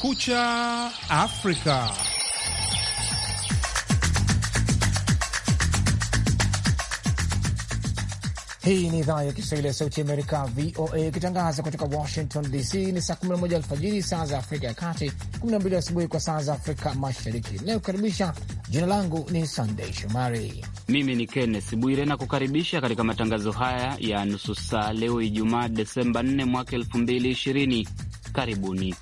Kumekucha Afrika. Hii ni idhaa ya Kiswahili ya Sauti Amerika, VOA, ikitangaza kutoka Washington DC. Ni saa 11 alfajiri saa za Afrika ya Kati, 12 asubuhi kwa saa za Afrika Mashariki. Inayokaribisha jina langu ni Sandei Shomari. Mimi ni Kennes Bwire na kukaribisha katika matangazo haya ya nusu saa leo Ijumaa, Desemba 4 mwaka 2020. Karibuni.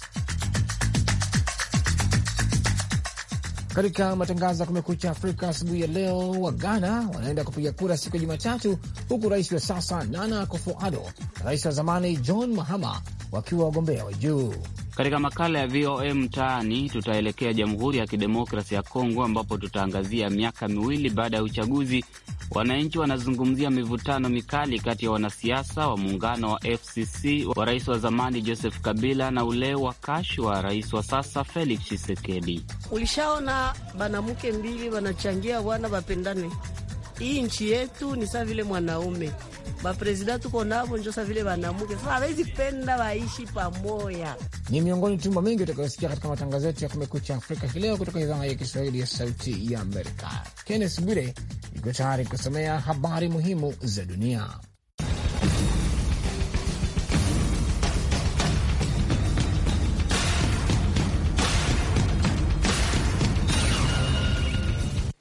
Katika matangazo ya Kumekucha Afrika asubuhi ya leo, wa Ghana wanaenda kupiga kura siku ya Jumatatu, huku rais wa sasa Nana Akufo-Addo na rais wa zamani John Mahama wakiwa wagombea wa juu. Katika makala ya VOA Mtaani tutaelekea Jamhuri ya Kidemokrasi ya Kongo ambapo tutaangazia miaka miwili baada ya uchaguzi Wananchi wanazungumzia mivutano mikali kati ya wanasiasa wa muungano wa FCC wa rais wa zamani Joseph Kabila na ule wa kashi wa rais wa sasa Felix Tshisekedi. Ulishaona banamuke mbili wanachangia wana wapendane hii nchi yetu ni saa vile mwanaume baprezida tuko navo njo saa vile wanamuke sasa hawezi penda waishi pamoja. Ni miongoni tumba mengi utakayosikia katika matangazo yetu ya Kumekucha Afrika hii leo kutoka idhaa ya Kiswahili ya Sauti ya Amerika. Kennes Bwire iko tayari kusomea habari muhimu za dunia.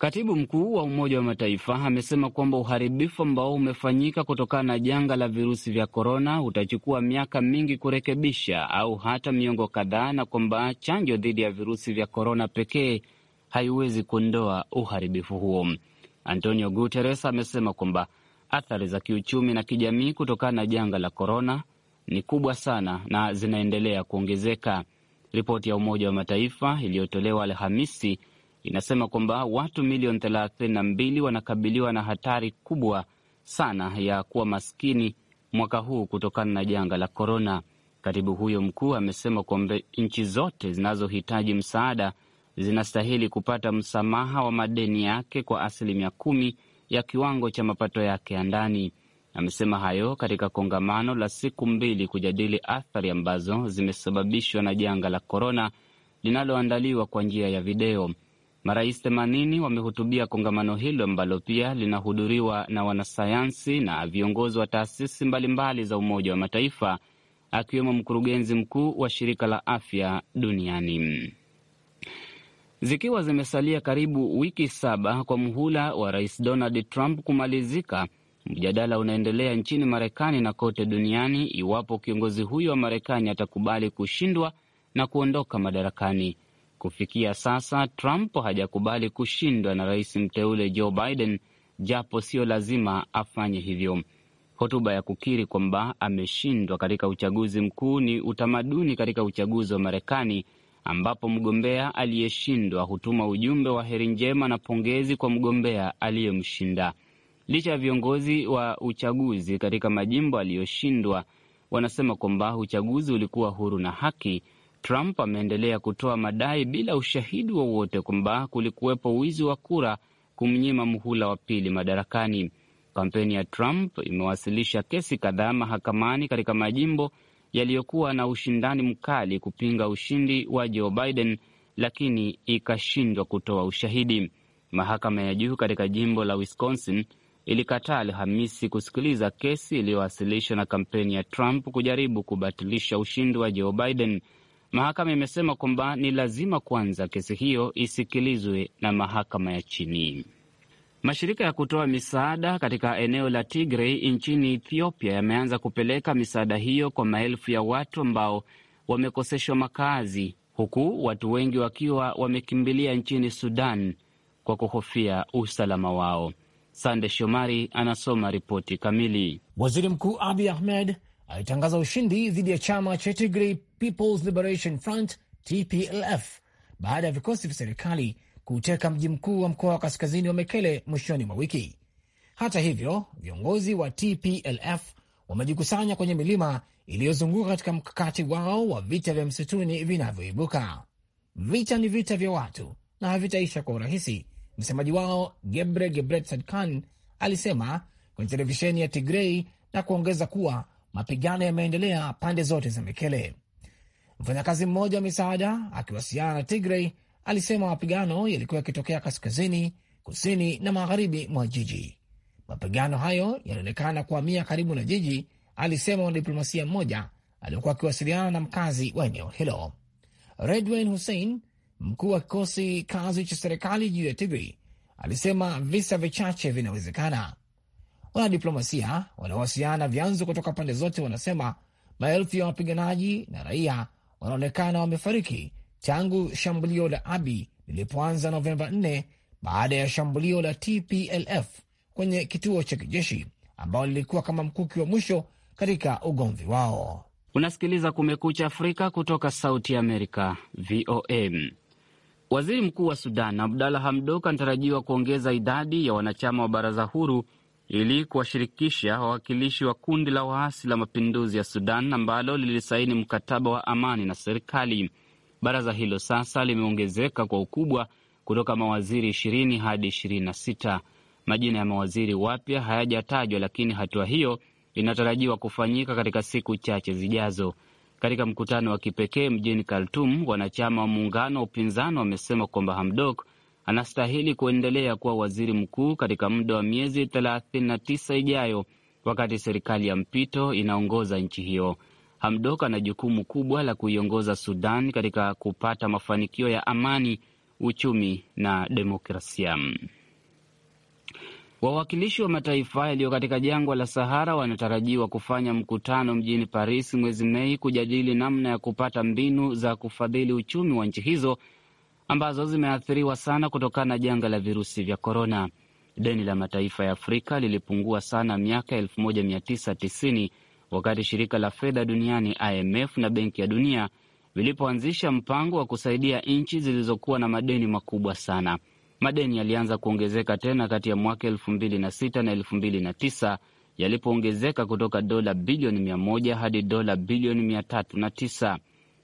Katibu mkuu wa Umoja wa Mataifa amesema kwamba uharibifu ambao umefanyika kutokana na janga la virusi vya korona utachukua miaka mingi kurekebisha au hata miongo kadhaa, na kwamba chanjo dhidi ya virusi vya korona pekee haiwezi kuondoa uharibifu huo. Antonio Guterres amesema kwamba athari za kiuchumi na kijamii kutokana na janga la korona ni kubwa sana na zinaendelea kuongezeka. Ripoti ya Umoja wa Mataifa iliyotolewa Alhamisi inasema kwamba watu milioni mbili wanakabiliwa na hatari kubwa sana ya kuwa maskini mwaka huu kutokana na janga la korona. Katibu huyo mkuu amesema kwamba nchi zote zinazohitaji msaada zinastahili kupata msamaha wa madeni yake kwa asilimia kumi ya kiwango cha mapato yake ya ndani. Amesema hayo katika kongamano la siku mbili kujadili athari ambazo zimesababishwa na janga la korona linaloandaliwa kwa njia ya video. Marais themanini wamehutubia kongamano hilo ambalo pia linahudhuriwa na wanasayansi na viongozi wa taasisi mbalimbali za Umoja wa Mataifa, akiwemo mkurugenzi mkuu wa Shirika la Afya Duniani. Zikiwa zimesalia karibu wiki saba kwa mhula wa Rais Donald Trump kumalizika, mjadala unaendelea nchini Marekani na kote duniani iwapo kiongozi huyo wa Marekani atakubali kushindwa na kuondoka madarakani. Kufikia sasa Trump hajakubali kushindwa na rais mteule Joe Biden, japo sio lazima afanye hivyo. Hotuba ya kukiri kwamba ameshindwa katika uchaguzi mkuu ni utamaduni katika uchaguzi wa Marekani, ambapo mgombea aliyeshindwa hutuma ujumbe wa heri njema na pongezi kwa mgombea aliyemshinda. Licha ya viongozi wa uchaguzi katika majimbo aliyoshindwa wanasema kwamba uchaguzi ulikuwa huru na haki, Trump ameendelea kutoa madai bila ushahidi wowote kwamba kulikuwepo wizi wa kura kumnyima muhula wa pili madarakani. Kampeni ya Trump imewasilisha kesi kadhaa mahakamani katika majimbo yaliyokuwa na ushindani mkali kupinga ushindi wa Joe Biden, lakini ikashindwa kutoa ushahidi. Mahakama ya juu katika jimbo la Wisconsin ilikataa Alhamisi kusikiliza kesi iliyowasilishwa na kampeni ya Trump kujaribu kubatilisha ushindi wa Joe Biden. Mahakama imesema kwamba ni lazima kwanza kesi hiyo isikilizwe na mahakama ya chini. Mashirika ya kutoa misaada katika eneo la Tigray nchini Ethiopia yameanza kupeleka misaada hiyo kwa maelfu ya watu ambao wamekoseshwa makazi, huku watu wengi wakiwa wamekimbilia nchini Sudan kwa kuhofia usalama wao. Sande Shomari anasoma ripoti kamili. Waziri Mkuu abi Ahmed alitangaza ushindi dhidi ya chama cha Tigray People's Liberation Front TPLF baada ya vikosi vya serikali kuteka mji mkuu wa mkoa wa kaskazini wa Mekele mwishoni mwa wiki. Hata hivyo, viongozi wa TPLF wamejikusanya kwenye milima iliyozunguka katika mkakati wao wa vita vya msituni vinavyoibuka. Vita ni vita vya watu na havitaisha kwa urahisi, msemaji wao Gebre gebret Khan alisema kwenye televisheni ya Tigrei na kuongeza kuwa mapigano yameendelea pande zote za Mekele. Mfanyakazi mmoja wa misaada akiwasiliana na Tigray alisema mapigano yalikuwa yakitokea kaskazini, kusini na magharibi mwa jiji. Mapigano hayo yanaonekana kuhamia karibu na jiji, alisema wanadiplomasia mmoja aliokuwa akiwasiliana na mkazi wa eneo hilo. Redwan Hussein, mkuu wa kikosi kazi cha serikali juu ya Tigray, alisema visa vichache vinawezekana. Wanadiplomasia wanaowasiliana na vyanzo kutoka pande zote wanasema maelfu ya wapiganaji na raia wanaonekana wamefariki tangu shambulio la Abi lilipoanza Novemba 4 baada ya shambulio la TPLF kwenye kituo cha kijeshi ambao lilikuwa kama mkuki wa mwisho katika ugomvi wao. Unasikiliza Kumekucha Afrika kutoka Sauti ya Amerika, VOA. Waziri Mkuu wa Sudan Abdalla Hamdok anatarajiwa kuongeza idadi ya wanachama wa baraza huru ili kuwashirikisha wawakilishi wa kundi la waasi la mapinduzi ya Sudan ambalo lilisaini mkataba wa amani na serikali. Baraza hilo sasa limeongezeka kwa ukubwa kutoka mawaziri ishirini hadi ishirini na sita. Majina ya mawaziri wapya hayajatajwa, lakini hatua hiyo inatarajiwa kufanyika katika siku chache zijazo. Katika mkutano wa kipekee mjini Khartum, wanachama wa muungano wa upinzani wamesema kwamba Hamdok anastahili kuendelea kuwa waziri mkuu katika muda wa miezi 39 ijayo, wakati serikali ya mpito inaongoza nchi hiyo. Hamdok ana jukumu kubwa la kuiongoza Sudan katika kupata mafanikio ya amani, uchumi na demokrasia. Wawakilishi wa mataifa yaliyo katika jangwa la Sahara wanatarajiwa kufanya mkutano mjini Paris mwezi Mei kujadili namna ya kupata mbinu za kufadhili uchumi wa nchi hizo ambazo zimeathiriwa sana kutokana na janga la virusi vya korona. Deni la mataifa ya Afrika lilipungua sana miaka 1990 wakati shirika la fedha duniani IMF na Benki ya Dunia vilipoanzisha mpango wa kusaidia nchi zilizokuwa na madeni makubwa sana. Madeni yalianza kuongezeka tena kati ya mwaka 2006 na 2009 yalipoongezeka kutoka dola bilioni 100 hadi dola bilioni 309.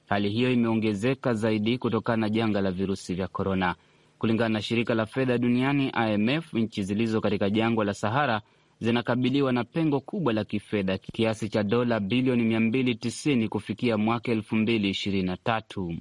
Hali hiyo imeongezeka zaidi kutokana na janga la virusi vya korona. Kulingana na shirika la fedha duniani IMF, nchi zilizo katika jangwa la Sahara zinakabiliwa na pengo kubwa la kifedha kiasi cha dola bilioni 290 kufikia mwaka 2023.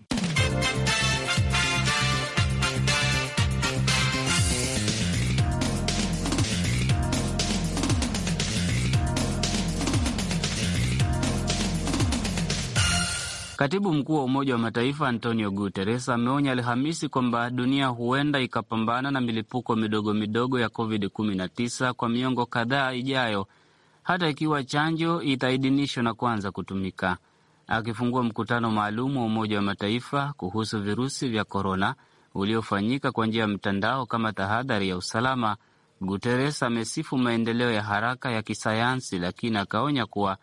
Katibu mkuu wa Umoja wa Mataifa Antonio Guterres ameonya Alhamisi kwamba dunia huenda ikapambana na milipuko midogo midogo ya COVID-19 kwa miongo kadhaa ijayo, hata ikiwa chanjo itaidhinishwa na kuanza kutumika. Akifungua mkutano maalum wa Umoja wa Mataifa kuhusu virusi vya korona uliofanyika kwa njia ya mtandao kama tahadhari ya usalama, Guterres amesifu maendeleo ya haraka ya kisayansi, lakini akaonya kuwa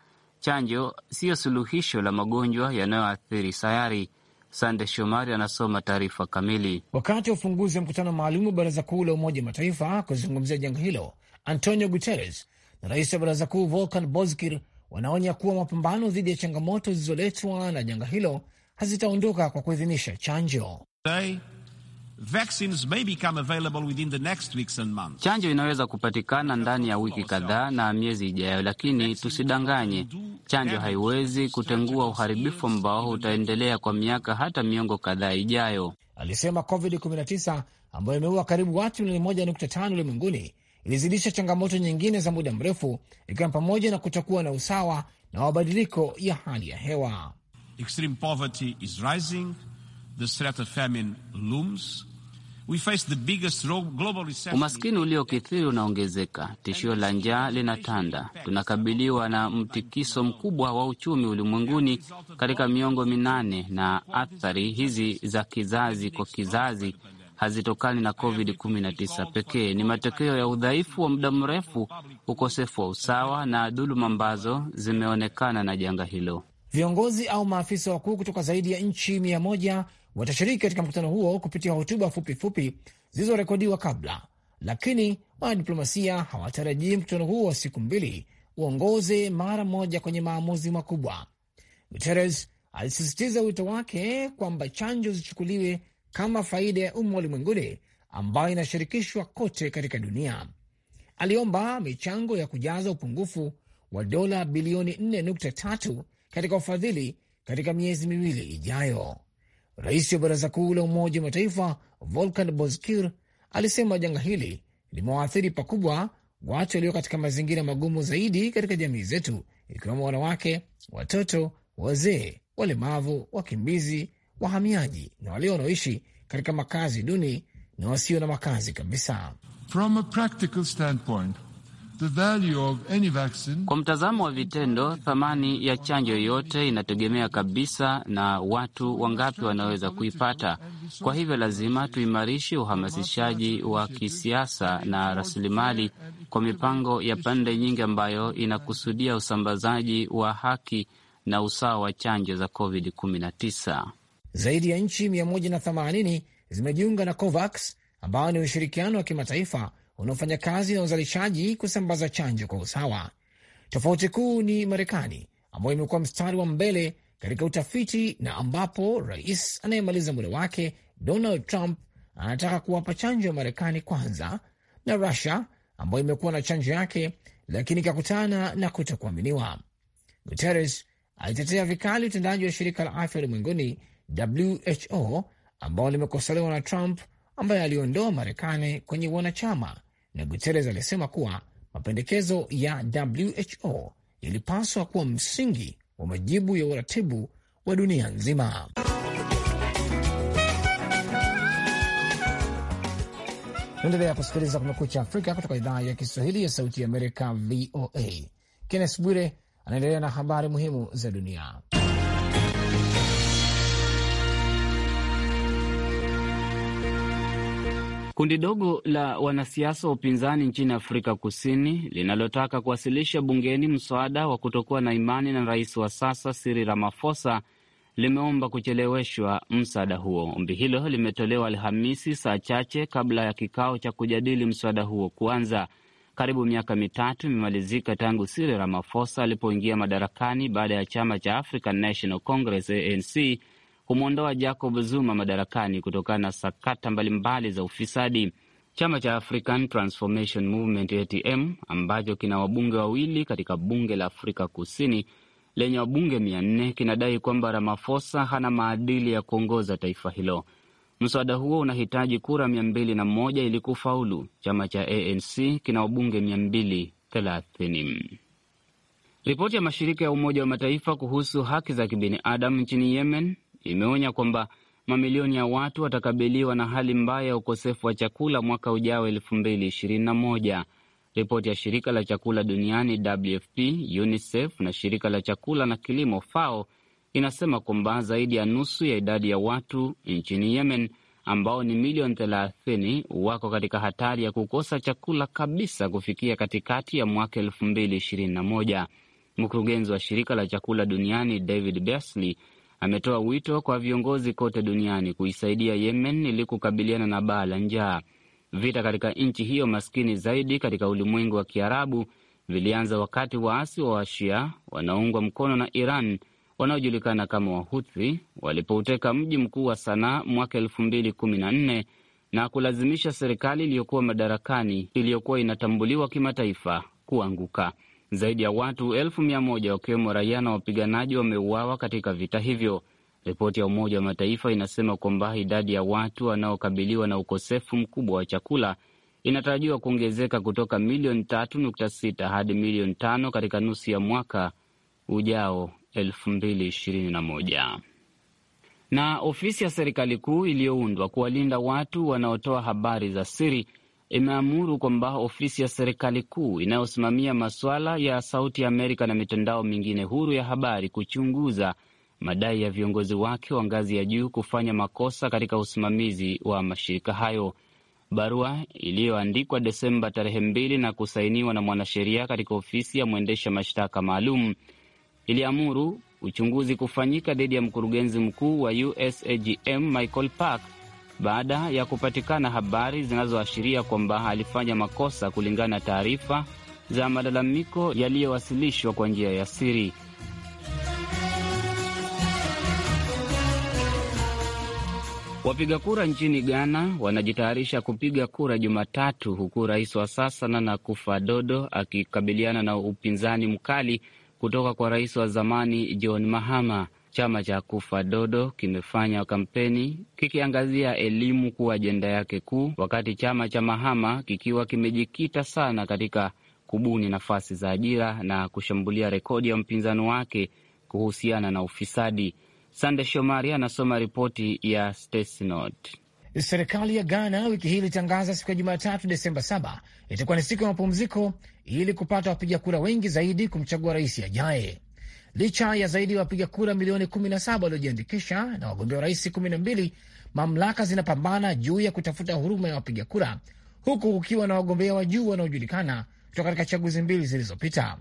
chanjo siyo suluhisho la magonjwa yanayoathiri sayari. Sande Shomari anasoma taarifa kamili. Wakati wa ufunguzi wa mkutano maalum wa Baraza Kuu la Umoja wa Mataifa kuzungumzia janga hilo, Antonio Guterres na rais wa Baraza Kuu Volkan Bozkir wanaonya kuwa mapambano dhidi ya changamoto zilizoletwa na janga hilo hazitaondoka kwa kuidhinisha chanjo. Vaccines may become available within the next weeks and months. Chanjo inaweza kupatikana ndani ya wiki kadhaa na miezi ijayo, lakini tusidanganye, chanjo haiwezi kutengua uharibifu ambao utaendelea kwa miaka hata miongo kadhaa ijayo, alisema. COVID-19 ambayo imeua karibu watu milioni 1.5 ulimwenguni ilizidisha changamoto nyingine za muda mrefu, ikiwa pamoja na kutokuwa na usawa na mabadiliko ya hali ya hewa. Extreme poverty is rising. Umaskini uliokithiri unaongezeka, tishio la njaa linatanda. Tunakabiliwa na mtikiso mkubwa wa uchumi ulimwenguni katika miongo minane, na athari hizi za kizazi kwa kizazi hazitokani na COVID-19 pekee. Ni matokeo ya udhaifu wa muda mrefu, ukosefu wa usawa na dhuluma ambazo zimeonekana na janga hilo. Viongozi au maafisa wakuu kutoka zaidi ya nchi mia moja watashiriki katika mkutano huo kupitia hotuba fupi fupi zilizorekodiwa kabla, lakini wanadiplomasia hawatarajii mkutano huo wa siku mbili uongoze mara moja kwenye maamuzi makubwa. Guterres alisisitiza wito wake kwamba chanjo zichukuliwe kama faida ya umma ulimwenguni ambayo inashirikishwa kote katika dunia. Aliomba michango ya kujaza upungufu wa dola bilioni 4.3 katika ufadhili katika miezi miwili ijayo. Rais wa Baraza Kuu la Umoja wa Mataifa Volkan Bozkir alisema janga hili limewaathiri pakubwa watu walio katika mazingira magumu zaidi katika jamii zetu, ikiwemo wanawake, watoto, wazee, walemavu, wakimbizi, wahamiaji na walio wanaoishi katika makazi duni na wasio na makazi kabisa. From a practical standpoint kwa mtazamo wa vitendo, thamani ya chanjo yoyote inategemea kabisa na watu wangapi wanaweza kuipata. Kwa hivyo, lazima tuimarishe uhamasishaji wa kisiasa na rasilimali kwa mipango ya pande nyingi ambayo inakusudia usambazaji wa haki na usawa wa chanjo za COVID-19. Zaidi ya nchi 180 zimejiunga na COVAX ambao ni ushirikiano wa kimataifa unaofanya kazi na uzalishaji kusambaza chanjo kwa usawa. Tofauti kuu ni Marekani ambayo imekuwa mstari wa mbele katika utafiti na ambapo rais anayemaliza muda wake Donald Trump anataka kuwapa chanjo ya Marekani kwanza na Rusia ambayo imekuwa na chanjo yake lakini ikakutana na kutokuaminiwa. Guterres alitetea vikali utendaji wa shirika la afya ulimwenguni WHO ambao limekosolewa na Trump ambaye aliondoa Marekani kwenye wanachama na Guterres alisema kuwa mapendekezo ya WHO yalipaswa kuwa msingi wa majibu ya uratibu wa dunia nzima. Naendelea kusikiliza Kumekucha Afrika kutoka idhaa ya Kiswahili ya Sauti ya Amerika, VOA. Kennes Bwire anaendelea na habari muhimu za dunia. Kundi dogo la wanasiasa wa upinzani nchini Afrika Kusini linalotaka kuwasilisha bungeni mswada wa kutokuwa na imani na rais wa sasa Cyril Ramaphosa limeomba kucheleweshwa mswada huo. Ombi hilo limetolewa Alhamisi, saa chache kabla ya kikao cha kujadili mswada huo kuanza. Karibu miaka mitatu imemalizika tangu Cyril Ramaphosa alipoingia madarakani baada ya chama cha African National Congress ANC kumwondoa Jacob Zuma madarakani kutokana na sakata mbalimbali za ufisadi. Chama cha African Transformation Movement ATM ambacho kina wabunge wawili katika bunge la Afrika Kusini lenye wabunge mia nne kinadai kwamba ramafosa hana maadili ya kuongoza taifa hilo. Mswada huo unahitaji kura mia mbili na moja ili kufaulu. Chama cha ANC kina wabunge mia mbili thelathini. Ripoti ya mashirika ya Umoja wa Mataifa kuhusu haki za kibinadamu nchini Yemen imeonya kwamba mamilioni ya watu watakabiliwa na hali mbaya ya ukosefu wa chakula mwaka ujao 221 Ripoti ya shirika la chakula duniani WFP, UNICEF na shirika la chakula na kilimo FAO inasema kwamba zaidi ya nusu ya idadi ya watu nchini Yemen ambao ni milioni 30 wako katika hatari ya kukosa chakula kabisa kufikia katikati ya mwaka 221 Mkurugenzi wa shirika la chakula duniani David Beasley ametoa wito kwa viongozi kote duniani kuisaidia Yemen ili kukabiliana na baa la njaa. Vita katika nchi hiyo maskini zaidi katika ulimwengu wa Kiarabu vilianza wakati waasi wa Washia wanaoungwa mkono na Iran wanaojulikana kama Wahuthi walipouteka mji mkuu wa Sanaa mwaka elfu mbili kumi na nne na kulazimisha serikali iliyokuwa madarakani iliyokuwa inatambuliwa kimataifa kuanguka. Zaidi ya watu elfu mia moja wakiwemo raia na wapiganaji wameuawa katika vita hivyo. Ripoti ya Umoja wa Mataifa inasema kwamba idadi ya watu wanaokabiliwa na ukosefu mkubwa wa chakula inatarajiwa kuongezeka kutoka milioni 3.6 hadi milioni 5 katika nusu ya mwaka ujao 2021. Na ofisi ya serikali kuu iliyoundwa kuwalinda watu wanaotoa habari za siri imeamuru kwamba ofisi ya serikali kuu inayosimamia masuala ya Sauti ya Amerika na mitandao mingine huru ya habari kuchunguza madai ya viongozi wake wa ngazi ya juu kufanya makosa katika usimamizi wa mashirika hayo. Barua iliyoandikwa Desemba tarehe mbili na kusainiwa na mwanasheria katika ofisi ya mwendesha mashtaka maalum iliamuru uchunguzi kufanyika dhidi ya mkurugenzi mkuu wa USAGM Michael Park baada ya kupatikana habari zinazoashiria kwamba alifanya makosa kulingana na taarifa za malalamiko yaliyowasilishwa kwa njia ya siri. Wapiga kura nchini Ghana wanajitayarisha kupiga kura Jumatatu, huku rais wa sasa Nana Akufo-Addo akikabiliana na upinzani mkali kutoka kwa rais wa zamani John Mahama chama cha Kufa Dodo kimefanya kampeni kikiangazia elimu kuwa ajenda yake kuu, wakati chama cha Mahama kikiwa kimejikita sana katika kubuni nafasi za ajira na kushambulia rekodi ya mpinzani wake kuhusiana na ufisadi. Sande Shomari anasoma ripoti ya Stesnot. Serikali ya Ghana wiki hii ilitangaza siku ya Jumatatu, Desemba 7 itakuwa ni siku ya mapumziko ili kupata wapiga kura wengi zaidi kumchagua rais ajaye. Licha ya zaidi ya wapiga kura milioni 17 waliojiandikisha na wagombea rais mbili mamlaka zinapambana juu ya kutafuta huruma ya wapiga kura, huku kukiwa na wagombea wa juu wanaojulikana kutoka katika chaguzi mbili zilizopita.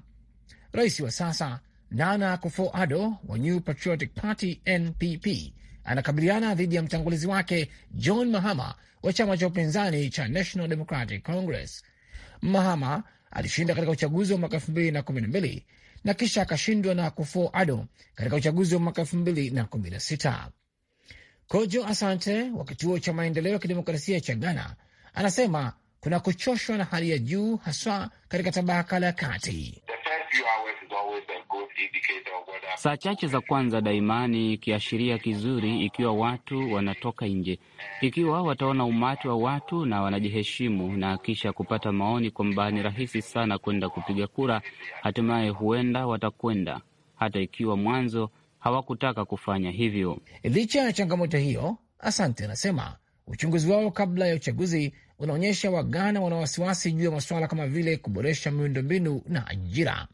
Rais wa sasa Nana Akufo-Addo wa New Patriotic Party NPP anakabiliana dhidi ya mtangulizi wake John Mahama wa chama cha upinzani cha National Democratic Congress. Mahama alishinda katika uchaguzi wa mwaka 2012 na kisha akashindwa na Akufo Ado katika uchaguzi wa mwaka elfu mbili na kumi na sita. Kojo Asante wa kituo cha maendeleo ya kidemokrasia cha Ghana anasema kuna kuchoshwa na hali ya juu haswa katika tabaka la kati. Saa chache za kwanza daima ni kiashiria kizuri, ikiwa watu wanatoka nje, ikiwa wataona umati wa watu na wanajiheshimu, na kisha kupata maoni kwamba ni rahisi sana kwenda kupiga kura, hatimaye huenda watakwenda, hata ikiwa mwanzo hawakutaka kufanya hivyo. Licha ya changamoto hiyo, Asante anasema uchunguzi wao kabla ya uchaguzi unaonyesha Wagana wana wasiwasi juu ya masuala kama vile kuboresha miundombinu na ajira.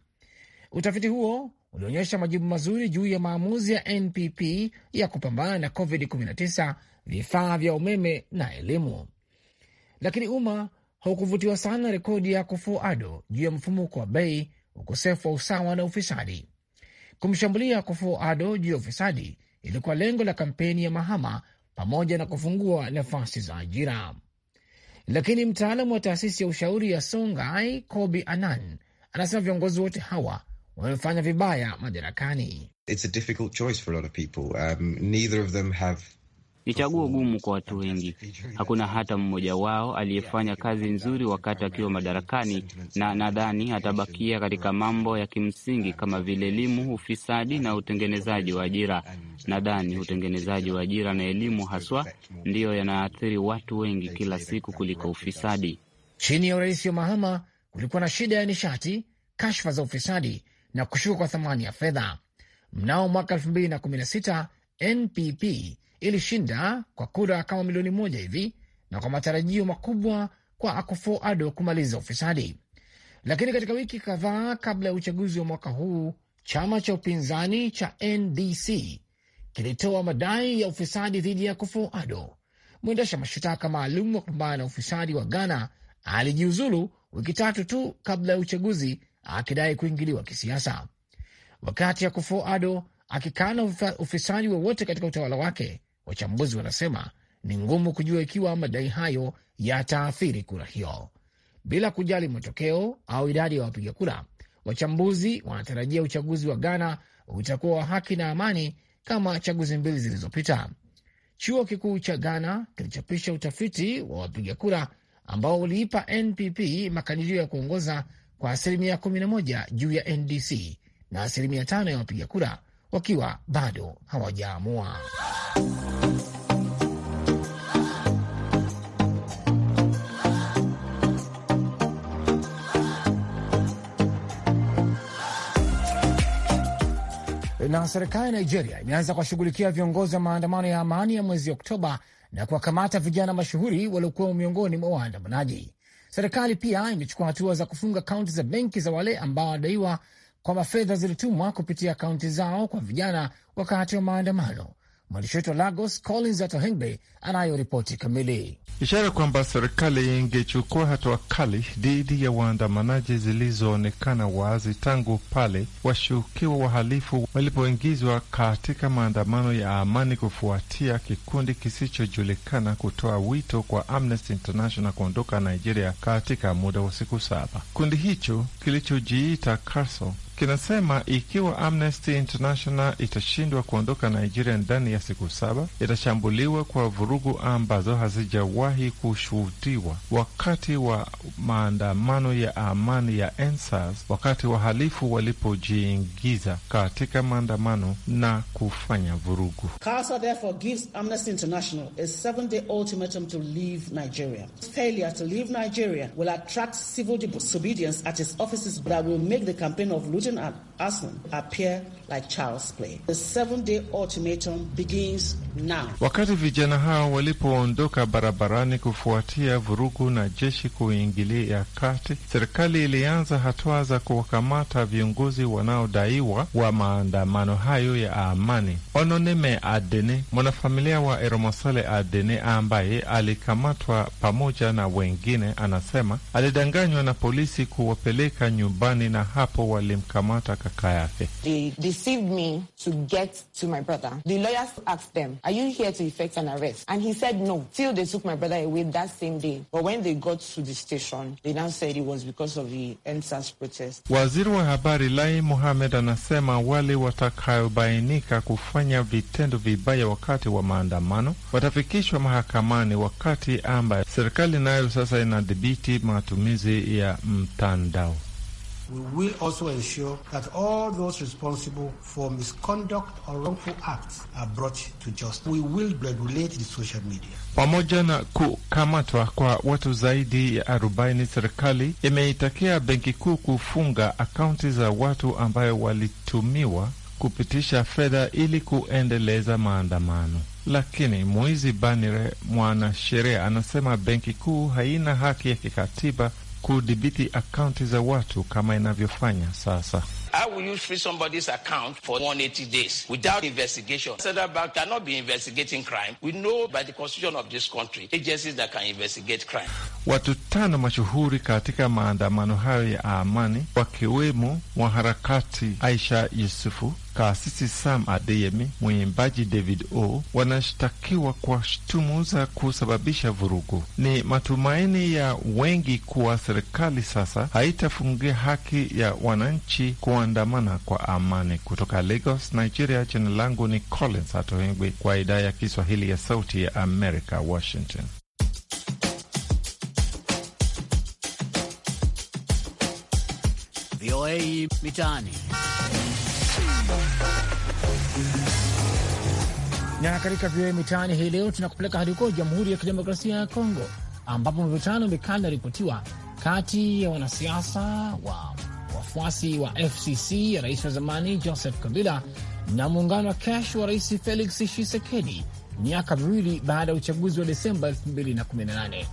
Utafiti huo ulionyesha majibu mazuri juu ya maamuzi ya NPP ya kupambana na COVID-19, vifaa vya umeme na elimu. Lakini umma haukuvutiwa sana rekodi ya Akufo-Addo juu ya mfumuko wa bei, ukosefu wa usawa na ufisadi. Kumshambulia Akufo-Addo juu ya ufisadi ilikuwa lengo la kampeni ya Mahama pamoja na kufungua nafasi za ajira. Lakini mtaalamu wa taasisi ya ushauri ya songai Kobi Anan anasema viongozi wote hawa wamefanya vibaya madarakani. Um, Ni chaguo gumu kwa watu wengi. Hakuna hata mmoja wao aliyefanya kazi nzuri wakati akiwa madarakani, na nadhani atabakia katika mambo ya kimsingi kama vile elimu, ufisadi na utengenezaji wa ajira. Nadhani utengenezaji wa ajira na elimu haswa ndiyo yanaathiri watu wengi kila siku kuliko ufisadi. Chini ya urais wa Mahama kulikuwa na shida ya nishati, kashfa za ufisadi na kushuka kwa thamani ya fedha. Mnao mwaka 2016 NPP ilishinda kwa kura kama milioni moja hivi na kwa matarajio makubwa kwa Akufo Ado kumaliza ufisadi, lakini katika wiki kadhaa kabla ya uchaguzi wa mwaka huu chama cha upinzani cha NDC kilitoa madai ya ufisadi dhidi ya Akufo Ado. Mwendesha mashitaka maalum wa kupambana na ufisadi wa Ghana alijiuzulu wiki tatu tu kabla ya uchaguzi akidai kuingiliwa kisiasa. Wakati Akufo Ado akikana ufisadi wowote katika utawala wake, wachambuzi wanasema ni ngumu kujua ikiwa madai hayo yataathiri kura hiyo. Bila kujali matokeo au idadi ya wapiga kura, wachambuzi wanatarajia uchaguzi wa Ghana utakuwa wa haki na amani kama chaguzi mbili zilizopita. Chuo kikuu cha Ghana kilichapisha utafiti wa wapiga kura ambao uliipa NPP makadirio ya kuongoza kwa asilimia 11 juu ya NDC na asilimia tano ya wapiga kura wakiwa bado hawajaamua. Na serikali ya Nigeria imeanza kuwashughulikia viongozi wa maandamano ya amani ya mwezi Oktoba na kuwakamata vijana mashuhuri waliokuwa miongoni mwa waandamanaji. Serikali pia imechukua hatua za kufunga kaunti za benki za wale ambao wanadaiwa kwamba fedha zilitumwa kupitia akaunti zao kwa vijana wakati wa maandamano Mwandishi wetu wa Lagos, Collins Atohengbe, anayo ripoti kamili. Ishara kwamba serikali ingechukua hatua kali dhidi ya waandamanaji zilizoonekana wazi tangu pale washukiwa wahalifu walipoingizwa katika maandamano ya amani kufuatia kikundi kisichojulikana kutoa wito kwa Amnesty International kuondoka Nigeria katika muda wa siku saba. kikundi hicho kilichojiita Kaso kinasema ikiwa Amnesty International itashindwa kuondoka Nigeria ndani ya siku saba, itashambuliwa kwa vurugu ambazo hazijawahi kushuhudiwa wakati wa maandamano ya amani ya Ensas, wakati wahalifu walipojiingiza katika maandamano na kufanya vurugu. CASA therefore gives Amnesty International a seven-day ultimatum to leave Nigeria. Failure to leave Nigeria will attract civil disobedience at its offices that will make the campaign of looting imaginado. Wakati vijana hao walipoondoka barabarani kufuatia vurugu na jeshi kuingilia kati, serikali ilianza hatua za kuwakamata viongozi wanaodaiwa wa maandamano hayo ya amani. Ononeme Adene, mwanafamilia wa Eromosale Adene ambaye alikamatwa pamoja na wengine, anasema alidanganywa na polisi kuwapeleka nyumbani na hapo walimkamata kaka yake. They deceived me to get to my brother. The lawyers asked them, are you here to effect an arrest? And he said no, till they took my brother away that same day. But when they got to the station, they now said it was because of the EndSARS protest. Waziri wa habari Lai Mohamed anasema wale watakayobainika kufanya vitendo vibaya wakati wa maandamano watafikishwa mahakamani, wakati ambayo serikali nayo sasa inadhibiti matumizi ya mtandao we will also ensure that all those responsible for misconduct or wrongful acts are brought to justice. We will regulate the social media. Pamoja na kukamatwa kwa watu zaidi ya arobaini, serikali imeitakia benki kuu kufunga akaunti za watu ambayo walitumiwa kupitisha fedha ili kuendeleza maandamano. Lakini Moizi Banire, mwanasheria, anasema benki kuu haina haki ya kikatiba kudhibiti akaunti za watu kama inavyofanya sasa. How will you freeze somebody's account for 180 days without investigation? Central Bank cannot be investigating crime. We know by the constitution of this country, agencies that can investigate crime. Watu tano mashuhuri katika maandamano hayo ya amani wakiwemo mwanaharakati Aisha Yusufu Kaasisi Sam Adeyemi, mwimbaji David O wanashtakiwa kwa shtumu za kusababisha vurugu. Ni matumaini ya wengi kuwa serikali sasa haitafungia haki ya wananchi kuandamana kwa amani. Kutoka Lagos, Nigeria, jina langu ni Collins Atoengwi kwa idhaa ya Kiswahili ya Sauti ya Amerika, Washington. VOA Mitaani. Na katika vioe mitaani hii leo tunakupeleka hadi huko Jamhuri ya Kidemokrasia ya Kongo, ambapo mivutano mikali inaripotiwa kati ya wanasiasa wa wafuasi wa FCC ya rais wa zamani Joseph Kabila na muungano wa Cash wa rais Felix Tshisekedi, miaka miwili baada ya uchaguzi wa Desemba 2018.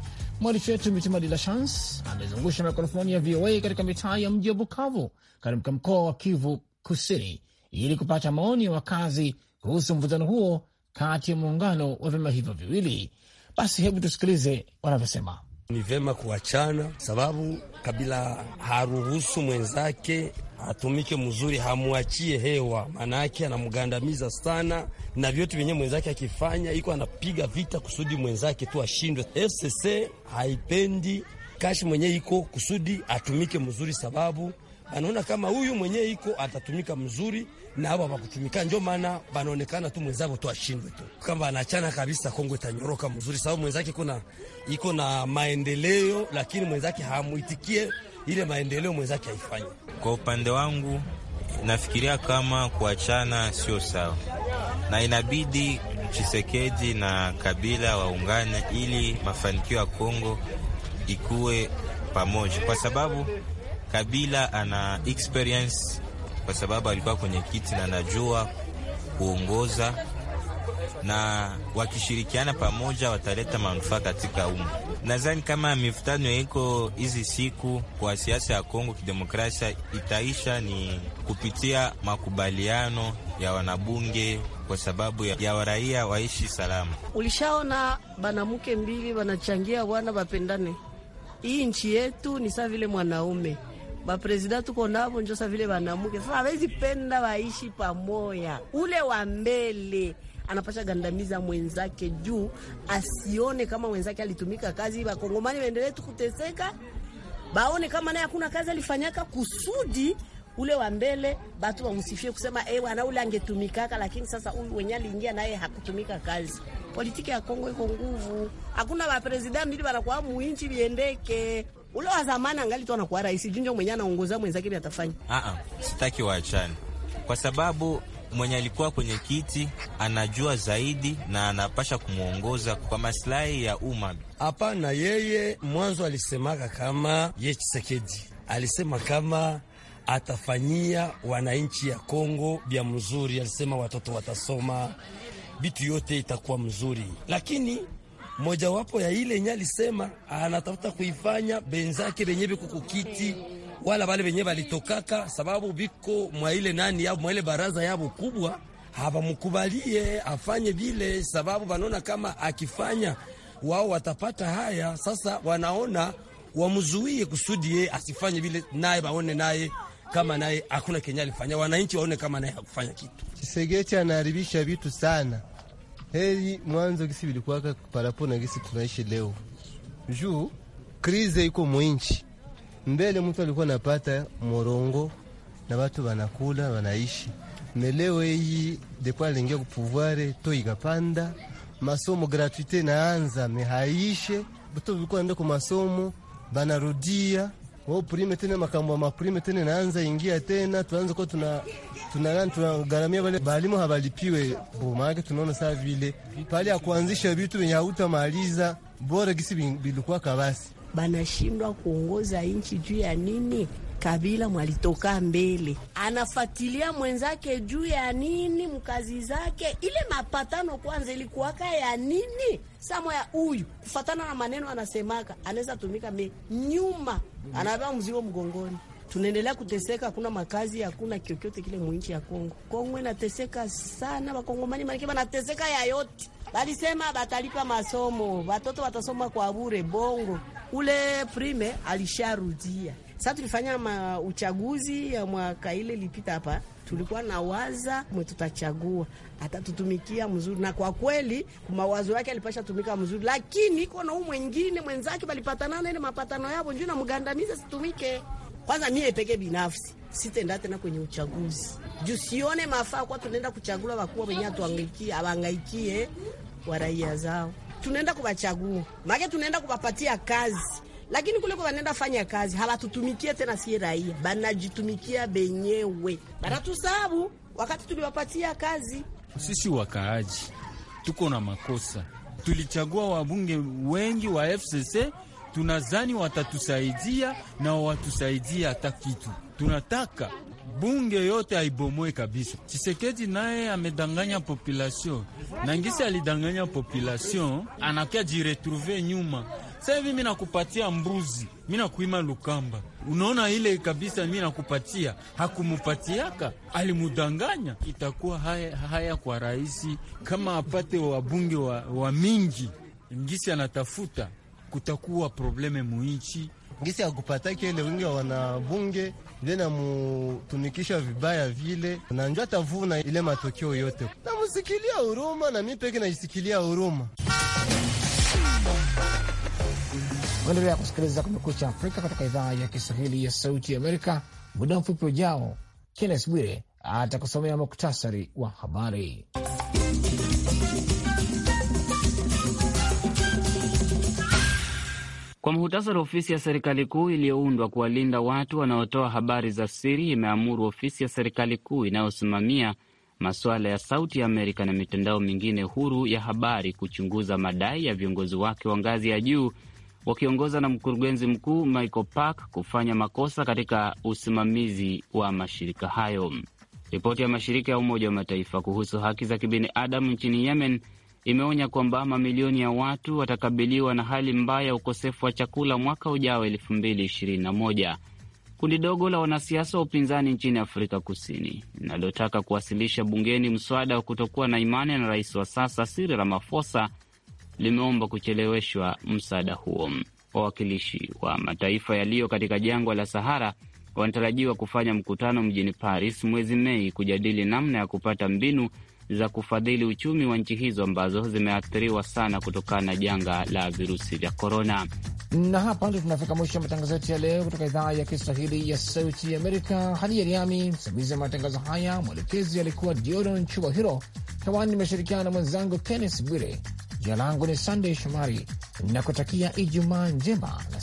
Mwandishi wetu Mitima De La Chance amezungusha mikrofoni ya VOA katika mitaa ya mji wa Bukavu katika mkoa wa Kivu Kusini ili kupata maoni ya wakazi kuhusu mvutano huo kati ya muungano wa vyama hivyo viwili. Basi hebu tusikilize wanavyosema. Ni vyema kuachana, sababu Kabila haruhusu mwenzake atumike mzuri, hamwachie hewa, maanake anamgandamiza sana, na vyote vyenye mwenzake akifanya iko anapiga vita kusudi mwenzake tu ashindwe. FCC haipendi kashi mwenyee iko kusudi atumike mzuri, sababu anaona kama huyu mwenyee iko atatumika mzuri na abo abakutumika, njo maana banaonekana tu mwenzavo tu ashindwe tu, kama anachana kabisa, Kongo itanyoroka mzuri, sababu mwenzake kuna iko na maendeleo, lakini mwenzake hamuitikie ile maendeleo mwenzake haifanye. Kwa upande wangu nafikiria kama kuachana sio sawa, na inabidi Chisekeji na Kabila waungane ili mafanikio ya Kongo ikuwe pamoja, kwa sababu Kabila ana experience kwa sababu alikuwa kwenye kiti na anajua kuongoza, na wakishirikiana pamoja wataleta manufaa katika umma. Nadhani kama mivutano iko hizi siku kwa siasa ya Kongo kidemokrasia itaisha ni kupitia makubaliano ya wanabunge kwa sababu ya, ya waraia waishi salama. Ulishaona banamuke mbili wanachangia wana wapendane. Hii nchi yetu ni saa vile mwanaume baprezida tuko navo njosa vile wanamuke sasa, hawezi penda waishi pamoya. Ule wa mbele anapasha gandamiza mwenzake juu asione kama mwenzake alitumika kazi. Wakongomani waendelee tu kuteseka, baone kama naye hakuna kazi alifanyaka kusudi ule wa mbele batu wamsifie kusema eh, wana ule angetumikaka, lakini sasa huyu wenye aliingia naye hakutumika kazi. Politiki ya Kongo iko nguvu, hakuna waprezida mbili wanakuwa muinchi viendeke Ule wa zamani angali tu anakuwa rais, junjo mwenye anaongoza mwenzake ndiye atafanya. Ah ah, sitaki waachane. Kwa sababu mwenye alikuwa kwenye kiti anajua zaidi na anapasha kumwongoza kwa maslahi ya umma. Hapana, yeye mwanzo alisemaka kama ye Chisekedi alisema kama atafanyia wananchi ya Kongo vya mzuri, alisema watoto watasoma, vitu yote itakuwa mzuri, lakini mojawapo ya ile yenye alisema anatafuta kuifanya benzake benye biko kukiti wala bale benye balitokaka sababu biko mwa ile nani au mwa ile baraza yabo kubwa, habamukubalie afanye vile, sababu wanaona kama akifanya wao watapata haya. Sasa wanaona wamzuie kusudi ye asifanye vile, naye baone naye kama naye hakuna kenye alifanya, wananchi waone kama naye hakufanya kitu. Chisegeti anaharibisha vitu sana heri mwanzo gisi vilikuwaka parapo na gisi tunaishi leo, juu krize iko mwinchi mbele. Mtu alikuwa napata morongo na watu wanakula wanaishi meleo hii depo alingia kupuvware to ikapanda masomo gratuite naanza mehaishe buto vilikuwa naenda ku masomo banarudia wao prime tena makambo ma prime tena naanza ingia tena, tuanze kwa tuna tuna nani tunagaramia wale balimu habalipiwe bo oh, maana Tunaona saa vile pale ya kuanzisha vitu vya utamaliza bora gisi bilikuwa kabasi, banashindwa kuongoza nchi juu ya nini? Kabila mwalitoka mbele, anafatilia mwenzake juu ya nini? Mkazi zake ile mapatano kwanza ilikuwaka ya nini? Samoya huyu kufatana na maneno anasemaka anaweza tumika me nyuma anavaa mzigo mgongoni. Tunaendelea kuteseka, hakuna makazi, hakuna kyokyote kile mwinchi ya Kongo. Kongo inateseka sana, Wakongomani manike wanateseka ya yote. Walisema batalipa masomo, watoto watasoma kwa bure. Bongo ule prime alisharudia. Sasa tulifanya uchaguzi ya mwaka ile lipita hapa tulikuwa na waza mwe tutachagua atatutumikia mzuri, na kwa kweli mawazo yake alipasha tumika mzuri, lakini iko na huu mwengine mwenzake balipatana ile mapatano yao, njuu namgandamiza situmike. Kwanza mie peke binafsi sitenda tena kwenye uchaguzi juu sione mafaa kwa tunaenda kuchagula wakuwa wenye atuangaikie awangaikie wa raia zao, tunaenda kuwachagua make tunaenda kuwapatia kazi lakini kule kwa wanaenda fanya kazi hawatutumikie tena, si raia banajitumikia benyewe, banatusabu wakati tuliwapatia kazi. Sisi wakaaji tuko na makosa, tulichagua wabunge wengi wa FCC, tunazani watatusaidia na watusaidia hata kitu. Tunataka bunge yote aibomoe kabisa. Chisekedi naye amedanganya population, nangisi alidanganya population, anakia jiretruve nyuma sasa hivi mimi nakupatia mbuzi, mimi nakuima lukamba. Unaona ile kabisa mimi nakupatia, hakumupatiaka, alimudanganya. Itakuwa haya, haya kwa rahisi kama apate wabunge wa, wa mingi ngisi anatafuta, kutakuwa probleme muinchi ngisi akupataki ile wingi wa wanabunge ile namutumikisha vibaya vile, nanjua atavuna ile matokeo yote. Namusikilia huruma na mi peke najisikilia huruma Unaendelea kusikiliza Kumekucha Afrika kutoka idhaa ya Kiswahili ya Sauti ya Amerika. Muda mfupi ujao, Kennes Bwire atakusomea muktasari wa habari. Kwa muhtasari, ofisi ya serikali kuu iliyoundwa kuwalinda watu wanaotoa habari za siri imeamuru ofisi ya serikali kuu inayosimamia masuala ya Sauti ya Amerika na mitandao mingine huru ya habari kuchunguza madai ya viongozi wake wa ngazi ya juu wakiongoza na mkurugenzi mkuu Michael Park kufanya makosa katika usimamizi wa mashirika hayo. Ripoti ya mashirika ya Umoja wa Mataifa kuhusu haki za kibinadamu nchini Yemen imeonya kwamba mamilioni ya watu watakabiliwa na hali mbaya ya ukosefu wa chakula mwaka ujao 221 Kundi dogo la wanasiasa wa upinzani nchini Afrika Kusini linalotaka kuwasilisha bungeni mswada wa kutokuwa na imani na rais wa sasa Cyril Ramaphosa limeomba kucheleweshwa msaada huo. Wawakilishi wa mataifa yaliyo katika jangwa la Sahara wanatarajiwa kufanya mkutano mjini Paris mwezi Mei kujadili namna ya kupata mbinu za kufadhili uchumi wa nchi hizo ambazo zimeathiriwa sana kutokana na janga la virusi vya korona. Na hapa ndio tunafika mwisho wa matangazo yetu ya leo kutoka idhaa ya Kiswahili ya Sauti Amerika. Hadi Yariami, msimamizi wa matangazo haya, mwelekezi alikuwa Diodon Chuba Hiro. Hewani nimeshirikiana na mwenzangu Kennes Bwire. Jina langu ni Sandey Shomari, nakutakia Ijumaa njema na